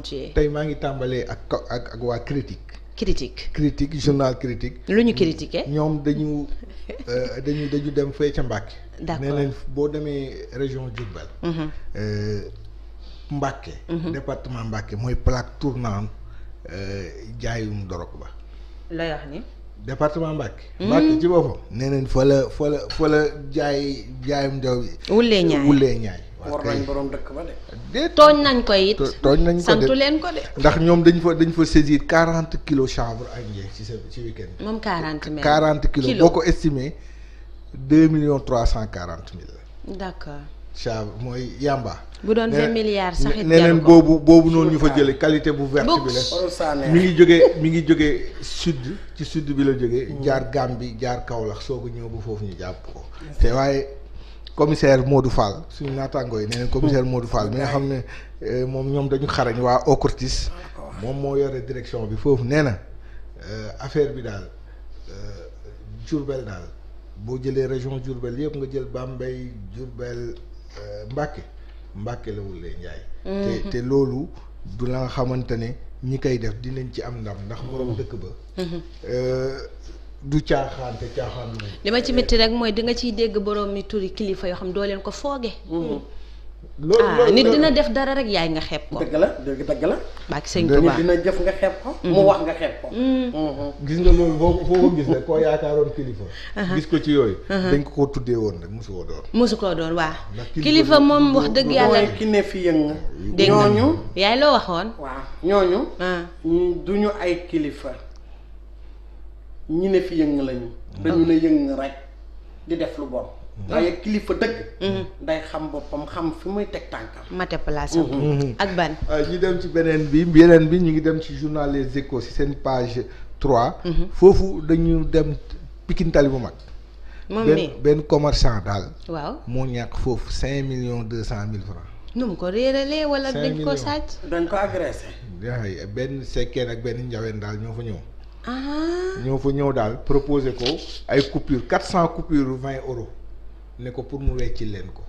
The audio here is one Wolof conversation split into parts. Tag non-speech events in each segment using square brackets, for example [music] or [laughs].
entier. tey maa ngi tàmbalee ak ak ak waa critique critique critique journal critique. lu ñu critiqué. ñoom dañu [laughs] euh, dañu dañu dem fee ca Mbàkke. d'accord nee nañ boo demee région Diourbel. Mhm. Euh, Mbàkke. Mhm. département Mbàkke mooy plaque tournante euh, jaayum dorog ba. lay wax ni. département Mbacke. Mbacke mhm. ci boppam. nee nañ la fa la fa la jaay jaayum jaw bi. ñaay. war nañ borom dëkk ba de. tooñ nañ ko it. tooñ nañ ko de ndax ñoom dañu fa dañ fa saisir quarante kilo chanvre ak ci sa ci week-end. moom quarante mille kilos boo ko estimé deux millions trois cent quarante mille. d'accord. chanvre mooy yamba. bu doon vingt milliards sax it neneen boobu boobu noonu ñu fa jëlee qualité bu verte bi la mi ngi jógee mi ngi jógee sud ci sud bi la jógee. Mm. jaar Gambie jaar Kaolack soog a ñëw ba foofu ñu jàpp ko. Mm. te waaye. commissaire Modou Fall suñu naataangoo yi nee nañ commissaire oh. Modou Fall mi nga xam ne eh, moom ñoom dañu xarañ waa OCRTIS oh. moom moo yore direction bi foofu nee na eh, affaire bi daal eh, Diourbel daal boo jëlee région Diourbel yëpp nga jël Bambey Diourbel Mbacké Mbacké la Woulé Ndiaye. te mhm. te loolu du la nga xamante ne ñi koy def dinañ ci am ndam ndax borom mhm. dëkk ba. Mhm. du caaxaan te caaxaan li ma ci metti rek mooy di ciy dégg borom mi turi kilifa yoo xam doo leen ko fooge. Mm-hmm. Ah, loolu nit dina def dara rek yaay nga xeeb ko. dëgg la dëgg dëgg la. bàkk sëñ Tuubaa dina jëf nga xeeb ko. mu mm-hmm. wax nga xeeb ko. Mm-hmm. gis nga loolu foo foo ko gis rek koo yaakaaroon kilifa. Uh-huh. gis ko ci yooyu. Uh-huh. dañ ko ko tuddee woon rek mosu ko doon. mosu ko doon waa. kilifa moom wax dëgg yàlla. mooy ki ne fi yëng. dégg ñooñu. yaay loo waxoon. waaw ñooñu. Uh. Mm, duñu ay kilifa. ñi ne fi yëng lañu mm. dañu ne yëng rek di def lu bon mm. waaye kilifa dëgg mm-hmm. day xam boppam xam fi muy teg tànkam mate place mm-hmm. ak ban euh, ñu dem ci beneen bi beneen bi ñu ngi dem ci journal Les ci seen page trois mm-hmm. foofu dañu dem Pikine Tali bu mag moom benn commerçant daal waaw moo ñàkk foofu cinq million deux cent mille francs nu mu ko réeralee wala dañ ko sàcc dañ ko agressé benn sekkeen ak benn njaween daal ñoo fa ñëw Ah. ñoo fa ñëw daal proposé ko ay coupure quatre cent coupure vingt euros ne ko pour mu wecci leen ko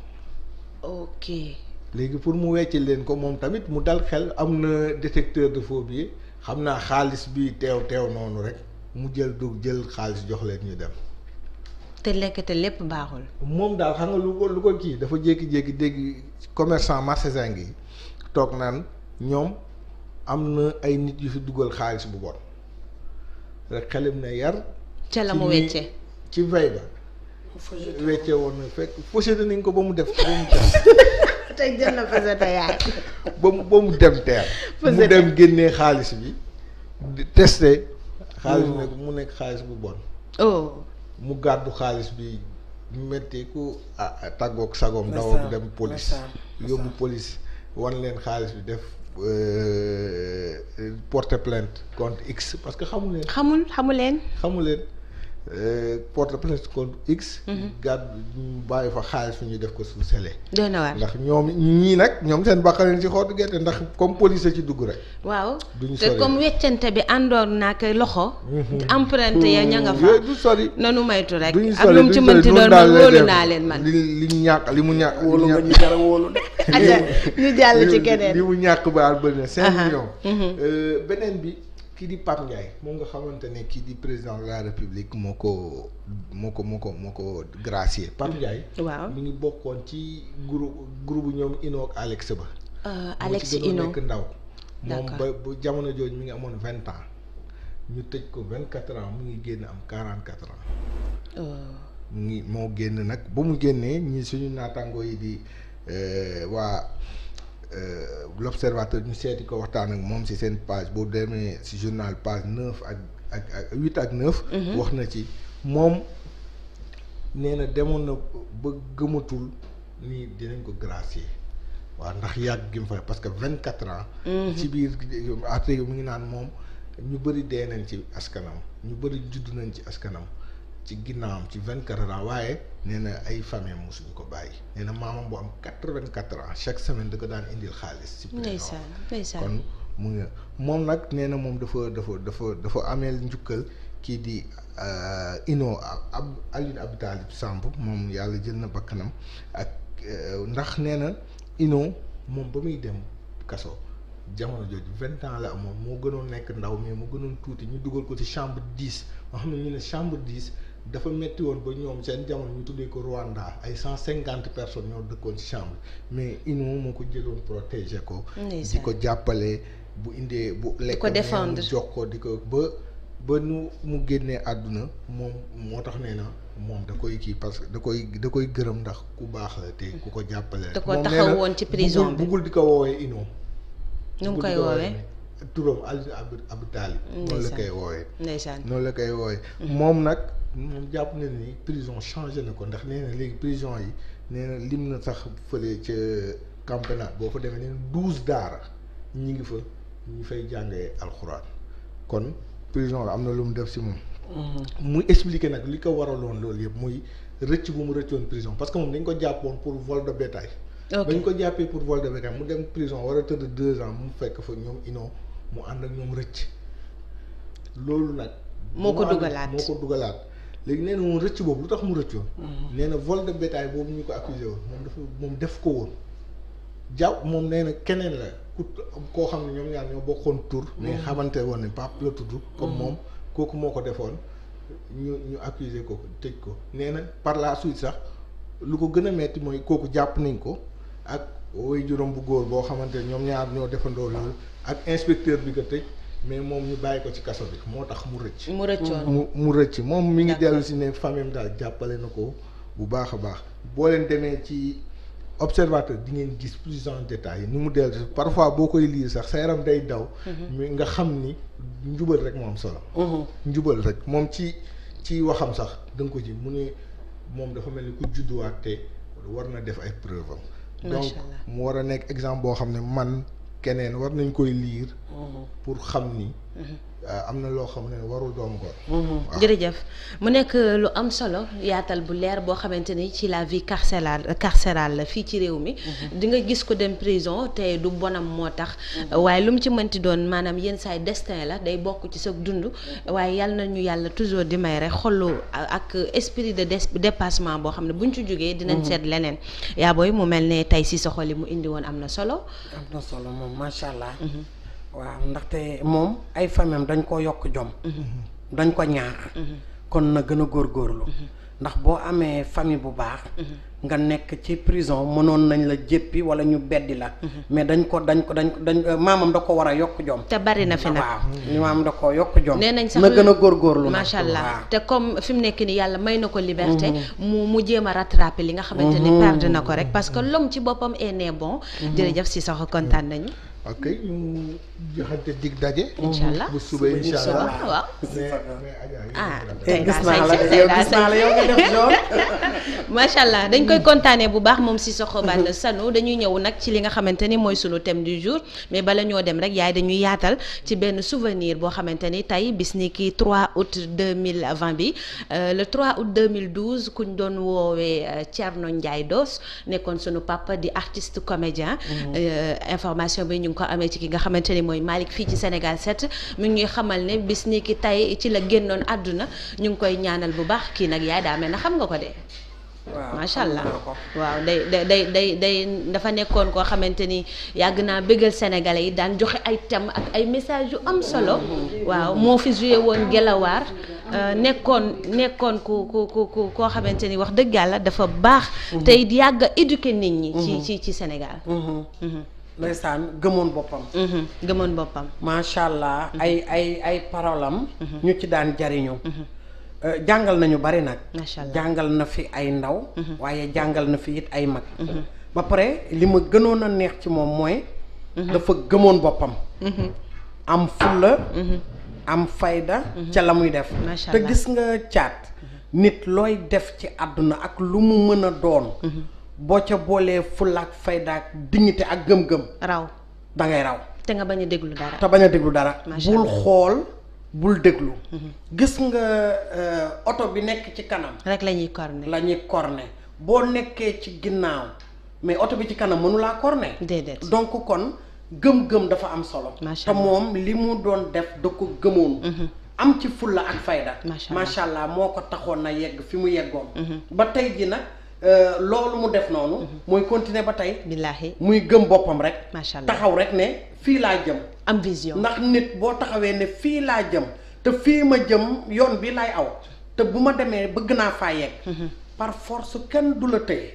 ok léegi pour mu wecci leen ko moom tamit mu dal xel am na détecteur de faux billets xam naa xaalis bi teew teew noonu rek mu jël dug jël xaalis jox leen ñu dem te lekk te lépp baaxul moom daal xam nga lu ko lu ko kii dafa jékki-jékki dégg commerçant marchands gi toog naan ñoom am na ay nit yu fi dugal xaalis bu bon rek xelim na yar ca la mu wecce ci vey ba wecce woon na fekk possédé nañ ko ba mu def ba mu dem [laughs] ba mu dem teer mu dem génnee xaalis bi testé oh. xaalis bi nekk mu nekk xaalis bu bon oh. mu gàddu xaalis bi metti ku ah tàggoog sagoom dawam dem police yóbbu police wan leen xaalis bi def Euh, porter plainte contre X parce que xamu leen. xamul xamu leen. xamu leen. Euh, porte plainte contre X. Mhm. gàdd ñu bàyyi fa xaalis fu ñuy def ko suuf sele. doy na waar ndax ñoom ñii nag ñoom seen bàq leen ci xottu gerte ndax comme police ci dugg rek. waaw te comme weccante bi àndoon naa ko loxo. Mhm. empreinte ya ña nga fa. du sori nanu maytu rek. du ñu sori ak lu mu ci mënti doon man wóolu naa leen man. li li ñàkk li mu ñàkk. wóolu nga ñu dara wóolu de. ñu jàll ci keneen li mu ñàkk baal bëri na. 5 millions. Mhm. Euh, beneen bi. kii di Pape Ndiaye moom nga xamante ne kii di président de la république moo ko moo ko moo ko moo ko gracié Pape Ndiaye. waaw mi ngi bokkoon ci groupe groupe ñoom Ino ak Alex ba. Euh, Alex Ino nekk ndaw. moom ba bu jamono jooju mi ngi amoon vingt ans ñu tëj ko vingt quatre ans mu ngi génn am quarante quatre ans. Euh. mu ngi moo génn nag ba mu génnee ñi suñu naataangoo yi di euh, waa. Euh, l' observateur ñu seeti ko waxtaan ak moom si seen page boo demee si journal page neuf ak ak ak huit ak neuf. Mhm. wax na ci moom nee na demoon na ba gëmatul ni dinañ ko gracier waaw ndax yàgg gi mu fa parce que vingt quatre ans. Mhm. ci biir après mu ngi naan moom ñu bëri dee nañ ci askanam ñu bëri judd nañ ci askanam ci ginnaawam ci vingt quatre ans waaye. nee na ay famille mosuñu ko bàyyi nee na maamam bu am quatre-vingt-quatre ans chaque semaine da ko daan indil xaalis si ndeysaan ndeysaan kon mu ngi moom nag nee na moom dafa dafa dafa dafa ameel njukkal kii di euh, Ino ab Alioune ab Talib samp moom yàlla jël na bakkanam ak euh, ndax nee na Ino moom ba muy dem kaso jamono jooju vingt ans la amoon moo gënoon nekk ndaw mais moo gënoon tuuti ñu dugal ko ci chambre dix moo xam ne ñu ne chambre dix dafa métti woon ba ñoom seen jamono ñu tuddee ko Rwanda ay cent cinquante personne ñoo dëkkoon ci chambre mais Inoo moo ko jëloon protégé ko. di ko jàppale bu indee bu. lekk ko défendre jox ko di ko ba ba nu mu génnee àdduna moom moo tax nee na moom da koy kii parce que da koy da koy gërëm ndax ku baax la te ku ko jàppale. da ko taxawoon ci prison bi buggul di ko woowee Inoo. nu mu koy woowee. turam Aliou Abou Talib. noonu la koy woowee. noonu la koy woowee moom nag. moom jàpp na ni prison changé na ko ndax nee na léegi prison yi nee na lim na sax fële ca camp pénal boo fa demee nee na douze daara ñi ngi fa ñu fay jànge alxuraan kon prison la am na lu mu def si moom. Mm-hmm. mu expliquer nag li ko waraloon loolu yëpp muy rëcc bu mu rëccoon prison parce que moom dañ ko jàppoon pour vol de bétail. ok ko jàppee pour vol de bétail mu dem prison war a tëdd deux ans mu fekk fa ñoom ino mu ànd ak ñoom rëcc loolu nag. moo ko dugalaat moo ko dugalaat. léegi nee na moom rëcc boobu lu tax mu rëccoon. Mhm. nee na vol de bétail boobu ñu ko accusé woon moom dafa moom def ko woon. jàpp moom nee na keneen la ku koo xam ne ñoom ñaar ñoo bokkoon tur. Mhm. mais xamante woon ne Pape la tudd. comme mhm. moom kooku moo ko defoon ñu ñu accusé ko tëj ko nee na par la suite sax lu ko gën a metti mooy kooku jàpp nañ ko ak woy juróom bu góor boo xamante ñoom ñaar ñoo defandoo loolu ak inspecteur bi ko tëj. mais moom ñu bàyyi ko ci kaso bi moo tax mu rëcc. mu rëccoon mu mu rëcc moom mi ngi dellu si ne famille daal jàppale na ko bu baax a baax boo leen demee ci observateur di ngeen gis plus en détail ni mu dellu parfois boo koy lire sax sa yaram day daw. Mhm. mais nga xam ni njubal rek moom am solo. Mhm. njubal rek moom ci ci waxam sax da ko ji mu ne moom dafa mel ni ku judduwaat te war na def ay preuve am. donc mu war a nekk exemple boo xam ne man. keneen war nañ koy liir mhm. pour xam ni. Mhm. Euh, am na loo xam ne warul doomu góor. Mhm. jërëjëf mu nekk lu am solo yaatal bu leer boo xamante ni ci la vie carcérale carcérale la fii ci réew mi. Mhm. di nga gis ko dem prison te du bonam moo tax. Mhm. waaye lu mu ci mënti doon maanaam yenn saay destin la day bokk ci sag dund. waaye yal na ñu yàlla toujours di may rek xolu ak esprit de des dépassement boo xam ne buñ ci jógee. dinañ seet leneen. yaa booy mu mel ne tey si sa yi mu indi woon am na solo. am na solo moom macha allah. waaw ndaxte moom ay famem dañ koo yokk jom mm-hmm. dañ ko ñaax mm-hmm. kon na gën a góor góorgóorlu mm-hmm. ndax boo amee famille bu baax nga nekk ci prison mënoon nañ la jéppi wala ñu beddi la mais dañ ko dañ ko dañ ko dañ euh, maamam da ko war a yokk jom te bari na fi nag waaw maamam da koo yokk jom nee nañ sax na gën a góor góorgóorlu macha allah te comme fi mu nekk ni yàlla may na ko liberté mu mu jéem a li nga xamante ne perdre na ko rek parce que l'homme ci boppam est ne bon jërëjëf si sax kontaan nañu ok ñu allah ah, la yow gis naa dañ koy kontaanee bu baax moom si soxobal sanu dañuy ñëw nag ci li nga xamante ni mooy sunu thème du jour mais bala ñoo dem rek yaay dañuy yaatal ci benn souvenir boo xamante ni tey bis ni ki 3 août 2020 bi euh, le 3 août 2012 kuñ doon woowee euh, Thierno Ndiaye Doss nekkoon sunu papa di artiste comédien mm-hmm. euh, information bi ñu. ngi ko amee ci ki nga xamante ni mooy Malick fii ci Sénégal 7 mu ngi ñuy xamal ne bis ni ki tey ci la génnoon àdduna ñu ngi koy ñaanal bu baax kii nag yaay daa mel na xam nga ko de. macha allah waaw day day day day dafa nekkoon koo xamante ni yàgg naa bëggal sénégalais yi daan joxe ay thème ak ay message yu am solo waaw moo fi joué woon gelawaar euh, nekkoon nekkoon ku ku ku koo xamante ni wax dëgg yàlla dafa baax mm-hmm. te it yàgg éduquer nit ñi ci mm-hmm. ci ci Sénégal mm-hmm. ndeysaan gëmoon boppam. Mhm, gëmoon boppam. macha allah mhm. ay ay ay parolam mhm. ñu ci daan jariñu euh, jàngal nañu bari nag. macha jàngal na fi ay ndaw. waaye jàngal na fi it ay mag. ba pare li ma gënoon a neex ci moom mooy. dafa gëmoon boppam. am fulla am fayda. ca la muy def. te gis nga caat. nit looy def ci àdduna ak lu mu mën a doon. boo ca boolee fulaak faydaak dignité ak gëm-gëm. raw da ngay raw. te nga bañ a déglu dara. te bañ a déglu dara. bul xool bul déglu. Mhm. gis nga euh, oto bi nekk ci kanam. rek la ñuy corné la ñuy corné boo nekkee ci ginnaaw mais oto bi ci kanam mënulaa korne déedéet donc kon gëm-gëm dafa am solo. te moom li mu doon def da ko gëmoon. Mhm. am ci fulla ak fayda. macha allah moo ko taxoon na yegg fi mu yeggoon. Mhm. ba tey ji nag. Euh, loolu mu def noonu. Mhm. mooy continuer ba tey. billaahi muy gëm boppam rek. macha allah taxaw rek ne fii laa jëm. am vision ndax nit boo taxawee ne fii laa jëm te fii ma jëm yoon bi laay aw te bu ma demee bëgg naa faa yegg. Mhm. par force kenn du la tëye.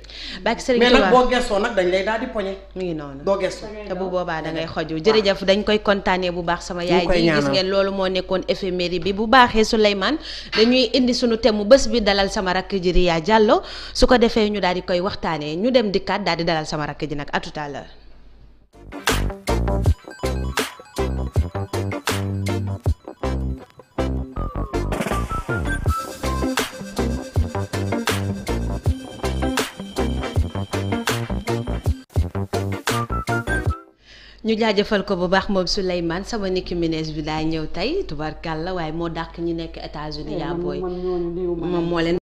bàkk Serigne Touba mais nag boo gestoo nag dañ lay daal di poñe. mu ngi noonu boo gestoo. te bu boobaa da ngay xoju jaf dañ koy kontaanee bu baax sama yaay ji gis ngeen loolu moo nekkoon éphéméride bi bu baaxee Souleymane dañuy indi suñu thème mu bés bi dalal sama rakk ji Ria Diallo su ko defee ñu daal di koy waxtaanee ñu dem dikkaat daal di dalal sama rakk ji nag à tout ñu jaajëfal ko bu baax moom Souleymane sama niki ministre bi daay ñëw tey tubarkalla waaye moo dàq ñi nekk États-Unis yaa eh, booy moom moo leen